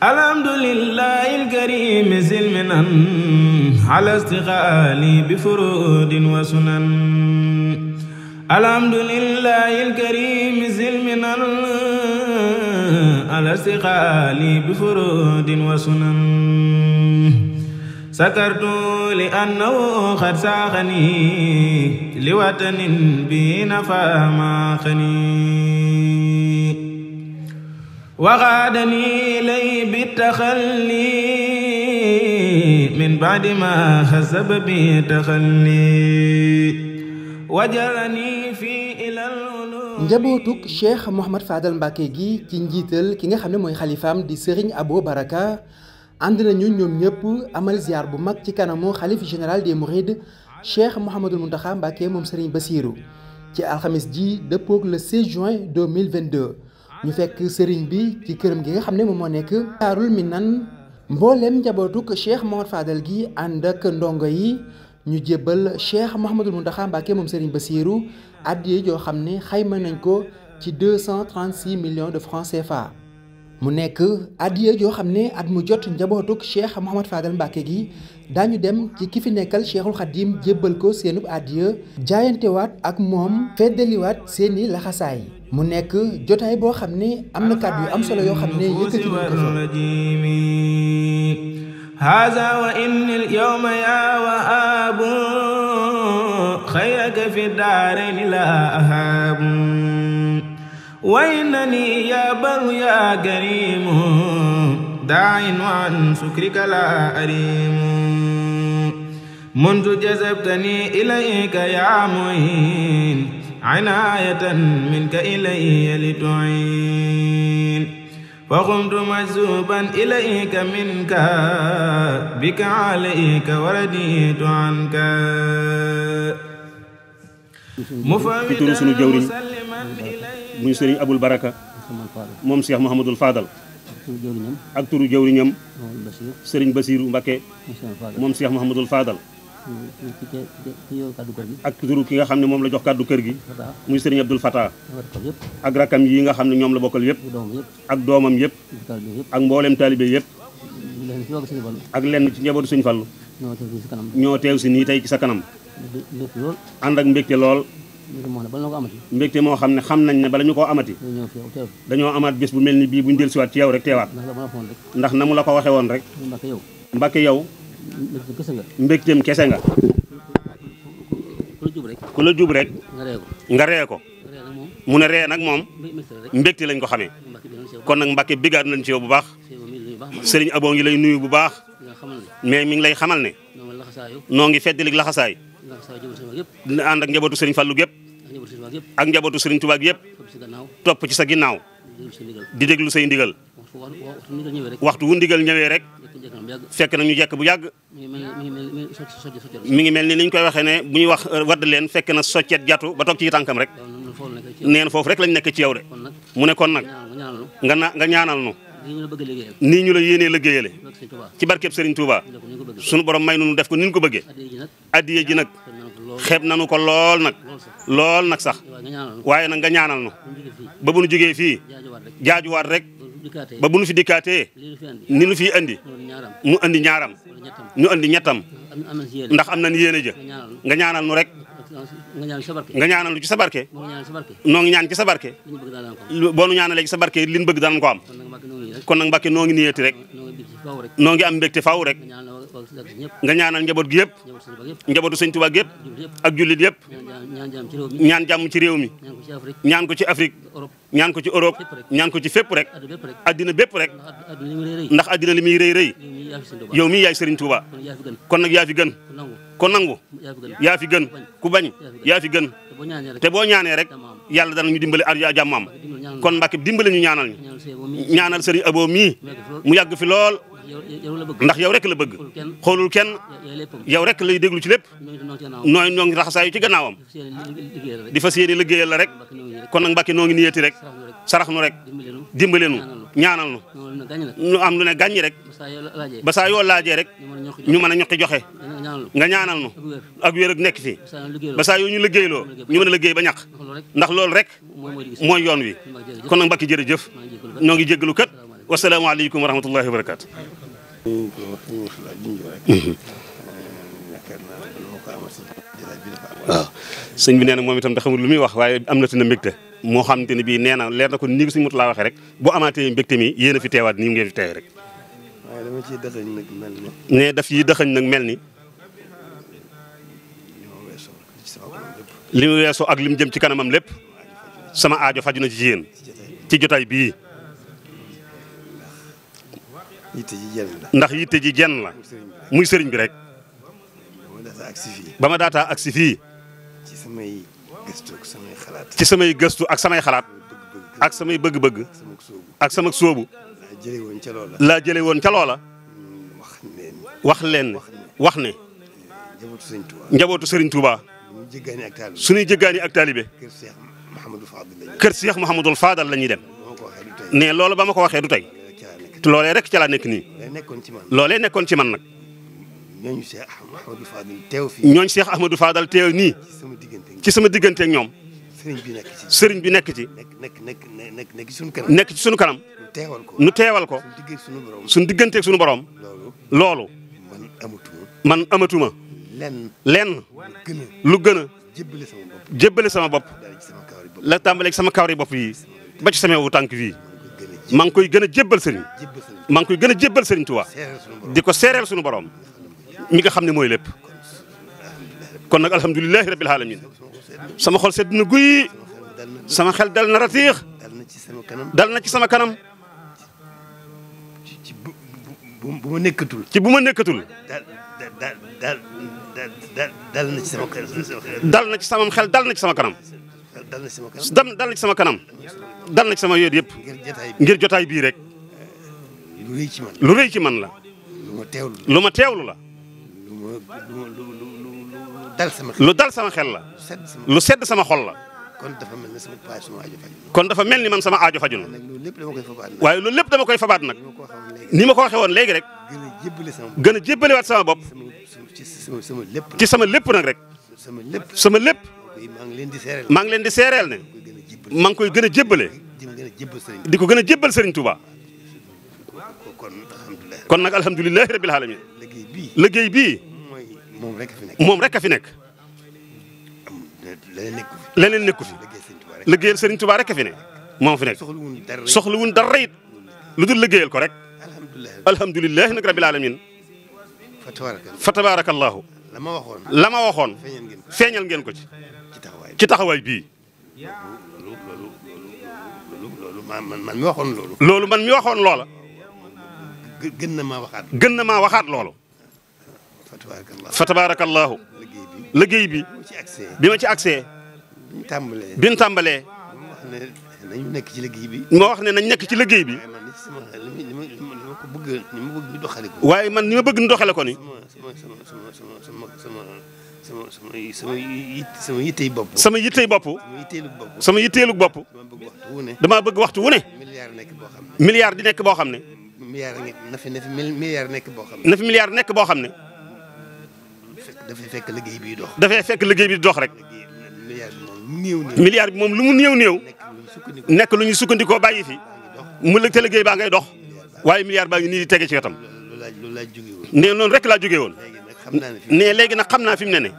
alhamdulillahi alkarim silminan ala istiqaali bi furudin wa sunan alhamdulillahi alkarim silminan ala istiqaali bi furudin wa sunan sakartu li annahu qad saaxani li watanin bi nafa maaxani وغادني لي بالتخلي من بعد ما خسب بي تخلي وجرني في إلى العلوم njabootug Cheikh Mouhamad Fadal Mbacke gi ci njiital ki nga xam ne mooy xalifaam di Serigne Abo Baraka ànd nañu ñoom ñëpp amal ziar bu mag ci kanamu xalif général de Mourides Cheikh Mouhamadul Mountakha Mbacke moom Serigne Bassirou ci alxamis ji dëppoog le 16 juin 2022. ñu fekk sëriñ bi ci këram gi nga xam ne moom moo nekk daarul minan mbooleem njabootuk cheikh Mouhamad Fadal gi ànd ak ndongo yi ñu jébbal cheikh Mouhamadul Mountakha Mbacké moom sëriñ Bassirou addiye joo xam ne xayma nañ ko ci 236 millions de francs CFA mu nekk addiye joo xam ne at mu jot njabootuk cheikh Mouhamad Fadal Mbacké gi daañu dem ci ki fi nekkal cheikhul xadim jébbal ko seenub addiye jaayantewaat ak moom feddaliwaat seeni laxasaay mu nekk jotaay boo xam ne am na kàddu yu am solo yoo xam ne yëkkati nañ ko هذا وإني اليوم يا وهاب خيرك في الدارين لا أهاب وإنني يا بر يا كريم داع وعن شكرك لا أريم منذ جذبتني إليك يا معين عناية منك إلي لتعين فقمت مجذوبا إليك منك بك عليك ورديت عنك ci turu sunu jëwriñ muy sëriñ Abul Baraka moom Cheikh Mouhamadul Fadal ak turu jëwriñam sëriñ Basiiru Mbakke moom Cheikh Mouhamadul Fadal ak turu ki nga xam ne moom la jox kàddu kër gi muy sëriñ Abdul Fattah ak rakkam yi nga xam ne ñoom la bokkal yëpp ak doomam yëpp ak mbooleem taalibe yëpp ak lenn ci njabootu suñu fallu ñoo teew si nii tey ci sa kanam ànd ak mbégte lool mbégte moo xam ne xam nañ ne bala ñu ko amati dañoo amaat bés bu mel ni bii buñ dellusiwaat ci yow rek teewaat ndax na mu la ko waxe woon rek Mbàkke yow mbégteem kese nga. ku la jub rek. nga ree ko. mu ne ree nag moom. mbégte lañ ko xamee. kon nag Mbàkke bigaat nañ ci yow bu baax. sëriñ Abo ngi lay nuyu bu baax. mais mi ngi lay xamal ne. noo ngi feddalik laxasaay. na ànd ak njabootu sëriñ Fallou gépp ak njabootu sëriñ Tuubaa yëpp. topp ci sa ginnaaw. di déglu say ndigal. waxtu wu ndigal ñëwee rek. fekk na ñu jekk bu yàgg. mi ngi mel ni ni ñu koy waxee ne bu ñuy wax euh, wadd leen fekk na soccet jàttu ba toog ci tànkam rek. neen foofu rek lañ nekk ci yow de. mu ne kon nag nga na nga ñaanal nu. nii ñu la yéenee liggéeyale ci barkeb Serigne Touba sunu borom may nu def ko ni ko bëggee. addiye ji nag xeeb nañu ko lool nag. lool nag sax waaye nag nga ñaanal nu ba bu nu jógee fii jaajuwaat rek. ba bu nu fi dikkaatee ni nu fi andi mu andi ñaaram ñu andi ñettam ndax am nañ yéene ja nga ñaanal nu rek nga ñaanal lu ci sa barke noo ngi ñaan ci sa barke boo nu ñaanalee ci sa barke li nu bëgg danañ ko am kon nag Mbàkke noo ngi niyeeti rek noo ngi am mbégte faaw rek nga ñaanal njaboot gi yëpp njabootu sëñ Tuubaa gi yëpp ak jullit yëpp ñaan jàmm ci réew mi ñaan ko ci Afrique ñaan ko ci Europe ñaan ko ci fépp rek addina bépp rek ndax addina li muy rëy rëy yow mii yaay sëriñ Tuubaa kon nag yaa gën kon nangu yaa gën ku bañ yaa gën te boo ñaanee rek yàlla dana ñu dimbale ak jàmmam kon Mbàkke dimbale ñu ñaanal ñu ñaanal sëriñ Abo mii mu yàgg fi lool ndax yow rek la bëgg xoolul kenn yow rek lay déglu ci lépp nooy ñoo ngi raxasaayu ci gannaawam di fas yéene liggéeyal la rek kon nag Mbàkke noo ngi niyeeti rek sarax nu rek dimbale nu ñaanal nu ñu am lu ne gàññi rek ba saa yoo laajee rek ñu mën a ñoqi joxe nga ñaanal nu ak wér ak nekk fi ba saa yoo ñu liggéeyloo ñu mën a liggéey ba ñàq ndax loolu rek mooy yoon wi kon nag Mbàkke jërëjëf ñoo ngi jéggalu kat wasalaamaaleykum wa rahmatullahi wa barakaatu waaw sëñ bi nee moom itam te lu muy wax waaye am na ci na mbégte moo xam te ne bii nee na leer na ko nii ko suñu laa waxee rek bu amaatee mbégte mi yéen a fi teewaat nii ngeen fi teewee rek. waaye dama ne daf yi dëxëñ nag mel ni. li mu weesoo ak li jëm ci kanamam lépp sama aajo faju na ci yéen ci jotaay bii. ndax yitte ji jenn la muy sëriñ bi rek ba ma daataa si fii ci samay gëstu ak samay xalaat ak samay xalaat ak samay bëgg-bëgg ak sama sóobu laa jële woon ca loola wax leen wax ne njabootu sëriñ Touba suñuy jëggaani ak taalibe kër si yax Mouhamadul Fadal la ñuy dem ne loolu ba ma ko waxee du tey te loolee rek ca laa nekk nii. loolee nekkoon ci man nag. ñooñu Cheikh Ahmadou Fadal teew fii. ñooñu Cheikh Ahmadou Fadal teew nii. ci sama diggante ñoom. sëriñ bi nekk ci sëriñ bi nekk ci. nekk nekk nekk nekk ci sunu kanam. nekk ci sunu kanam. nu teewal ko nu teewal ko. sunu digganteeg sunu borom. loolu. man amatuma. man amatuma. lenn lu gën a. jébbale sama bopp jébbale sama bopp. la sama kawari bopp yi ba ci sama wu tànk fii. maa ngi koy gën a jébbal sëriñ maa ngi koy gën a jébbal sëriñ Tuubaa di ko seereel suñu borom mi nga xam ne mooy lépp kon nag alhamdulilahi rabbil alamin sama xol sedd na guy sama xel dal na ratiix dal na ci sama kanam ci bu ma nekkatul ci bu ma nekkatul dal na ci sama xel dal na ci sama kanam dal na ci sama kanam dal nañ sama kanam dal na ci sama ngir jotaay bii rek. Eh, lu rëy ci man lu ci man la. lu ma teewlu la lu la. dal sama xel lu dal sama xel la. lu sedd sama xol la. kon dafa mel ni sama aajo faju kon dafa mel ni man sama aajo faju na. waaye loolu lépp dama koy fabaat nag. ni ma ko waxee woon léegi rek. gën a jébbale sama bopp gën a jébbalewaat sama bopp. ci sama lépp nag rek. sama lépp. maa ngi leen di seereel maa ngi leen di seereel ne maa ngi koy gën a jébbale di ko gën a jébbal Serigne Touba kon nag alhamdulilahi rabbil alamin liggéey bii moom rek fi nekk moom rek a fi nekk leneen nekku fi liggéeyal Serigne Touba rek a fi ne moom fi nekk soxlawuñ dara it lu dul liggéeyal ko rek alhamdulilahi nag rabbil alamin fa tabaarakallahu la ma waxoon la ma waxoon feeñal ngeen ko ci ci taxawaay bii loolu man mi waxoon loolu loolu man mi waxoon loola gën na ma waxaat gën na maa waxaat loolu fa tabaarakallaahu liggéey bi bi ma ci accès bi ñu tàmbalee moo wax ne nañ nekk ci liggéey bi moo wax ne nañ nekk ci liggéey bi ma bëgg ñu doxale ko. waaye man ni ma bëgg ñu doxale ko ni sama sama sama sama sama sama sama sama yittey bopp. sama yittey bopp. sama yitteelug bopp. damaa bëgg waxtu wu ne. milliard nekk boo xam ne. milliard di nekk boo xam ne. milliard na fi na fi milliard nekk boo xam ne. na boo xam ne. dafay fekk liggéey bi dox. dafay fekk liggéey bi dox rek. milliard bi moom lu mu néew néew. nekk lu ñu sukkandikoo bàyyi fi. mu lëg te baa ngay dox. waaye milliard baa ngi nii di tege ci wetam. ne noonu rek laa jógee woon. nee léegi nag xam naa fi mu ne ne.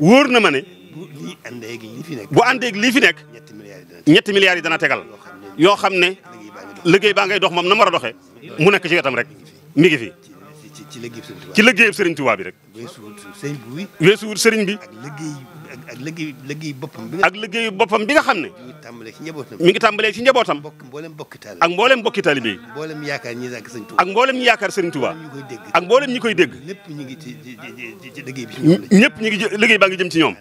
wóor na ma ne. bu àndeeg lii fi nekk. ñetti milliards yi dana tegal. yoo xam ne liggéey baa ngay dox moom na mu war a doxee. mu nekk ci wetam rek mi ngi fi. ci ci liggéeyub Serigne Touba ci liggéeyub Serigne Touba bi rek. weesuwul sëriñ bi. sëriñ bi. ak liggéey boppam bi. nga xam ne. mi ngi tàmbalee ci njabootam. mi ngi tàmbalee ci njabootam. bokk mboolem bokki taalibe. ak mboolem bokki taalibe yi. mboolem yaakaar ñi ak Serigne Touba. ak mboolem ñi yaakaar Serigne Touba. ak mboolem ñi koy dégg. ñëpp ñu ngi ci ci ci liggéey bi. ñëpp ñu ngi jë liggéey baa ngi jëm ci ñoom.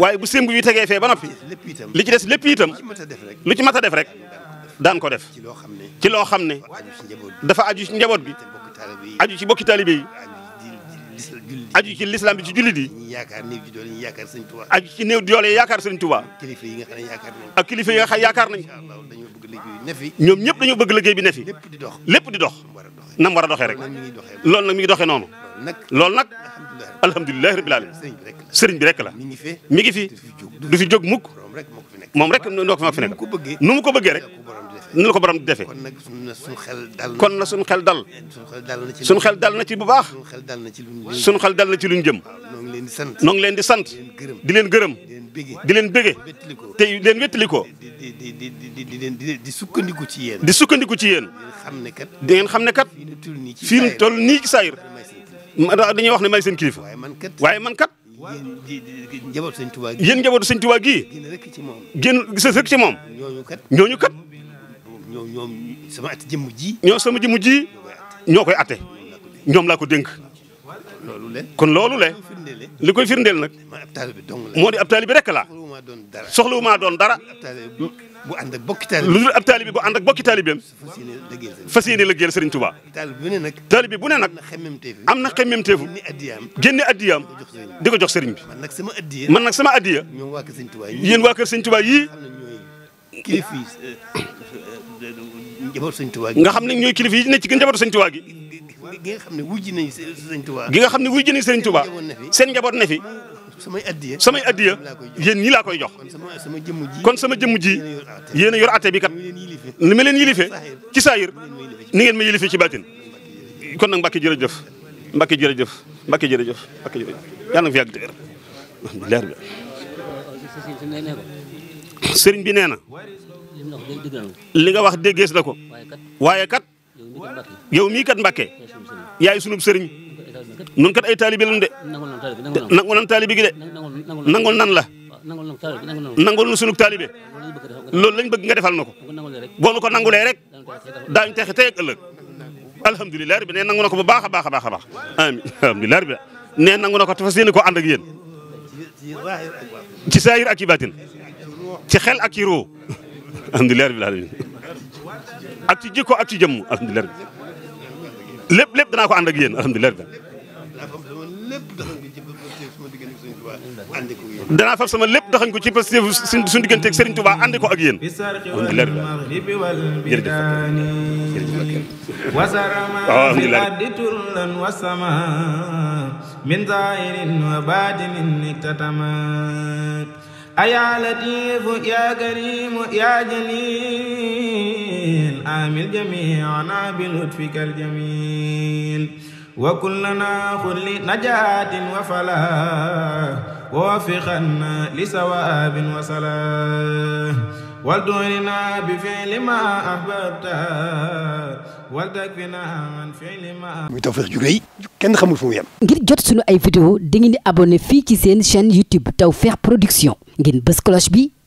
waaye bu sémb yu tegee fee ba noppi. li ci des lépp itam ci mat a def rek daan ko def ci loo xam ne dafa aju ci njaboot bi aju ci bokki taalibe yi aju ci lislaam bi ci jullit yi aju ci néew doole yi yaakaar sëriñ Tuubaa ak kilifa yi nga xam yaakaar nañ ñoom ñëpp dañoo bëgg liggéey bi ne fi lépp di dox nam war a doxee rek loolu nag mi ngi doxee noonu loolu nag alhamdulilah rabbil alamin sëriñ bi rek la mi ngi fi du fi jóg mukk moom rek noo ko fi nekk nu ko bëggee rek nu la ko borom di defee kon nag suñu xel dal kon na suñu xel dal suñu xel dal na ci bu baax suñu xel dal na ci luñ jëm noo ngi leen di sant di leen gërëm di leen bëgge te leen wettali ko di di di di di sukkandiku ci yéen di sukkandiku ci yéen di ngeen xam ne kat fii nu tol nii ci dañuy wax ne may seen kilifa waaye man kat yéen njabootu sëñ Tuubaa gi yéen njabootu sëñ Tuubaa gi rek ci moom génn gis rek ci moom ñooñu kat ñooñu kat ñoo ñoom sama at jëmm ji ñoo sama jëmm ji ñoo koy atte ñoom laa ko dénk kon loolu le li koy firndeel nag moo di ab taalibe rek la maa doon dara bu ànd ak bokki taalibe lu dul ab taalibe bu ànd ak bokki taalibeem fas la liggéeyal Sëriñ Tuubaa taalibe bu ne nag am na xemmemteefu génne addiyaam di ko jox sëriñ bi man nag sama addiya yéen waa kër Sëriñ Tuubaa yii eh, eh, eh, nga xam ne ñooy kilifa yi ne ci gën sañ Sëriñ Tuubaa gi gi nga xam ne wujj nañu sëriñ Tuubaa gi nga xam ne wujj nañu sëriñ Tuubaa seen njaboot ne fi samay addiya samay addiya yéen ñii laa koy jox kon sama jëmm ji yéen a yor atte bi kat ni ma leen yilife ci saayir ni ngeen ma yilife ci baatin kon nag Mbàkke jërëjëf Mbàkke jërëjëf Mbàkke jërëjëf Mbàkke jërëjëf yàlla na fi yàgg dëgër leer bi sëriñ bi nee na li nga wax déggees na ko waaye kat yow mii kat Mbàkke yaay sunub sëriñ nun kat ay taalibi lañ de nangul nan taalibi gi de nangul nan la nangul nu sunub taalibe loolu lañ bëgg nga defal na ko boo nu ko nangulee rek daañu texe tey ak ëllëg alhamdulilah rabbi nee nangu na ko bu baax a baax a baax a baax amiin alhamdulilah rabbi nee nangu na ko te fas yéene ko ànd ak yéen ci saayir ci baatin ci xel ak ci ruu ak ci jikko ak ci jëmm alhamdulilah lépp lépp danaa ko ànd ak yéen alhamdulilah danaa fab sama lépp daxañ ko ci parce que suñu diggante ak Serigne Touba ànd ko ak yéen alhamdulilah jërëjëf waaw alhamdulilah. الجميل آمل جميعنا بلطفك الجميل وكلنا خل نجاة وفلاح ووفقنا لثواب وصلاح والدنيا بفعل ما أحببت والتكفنا عن فعل ما muy Tawfekh ju rëy kenn xamul fu mu yem ngir jot sunu ay vidéo dangeen di abonné fii ci seen chaîne YouTube Tawfekh Production ngeen bës cloche bi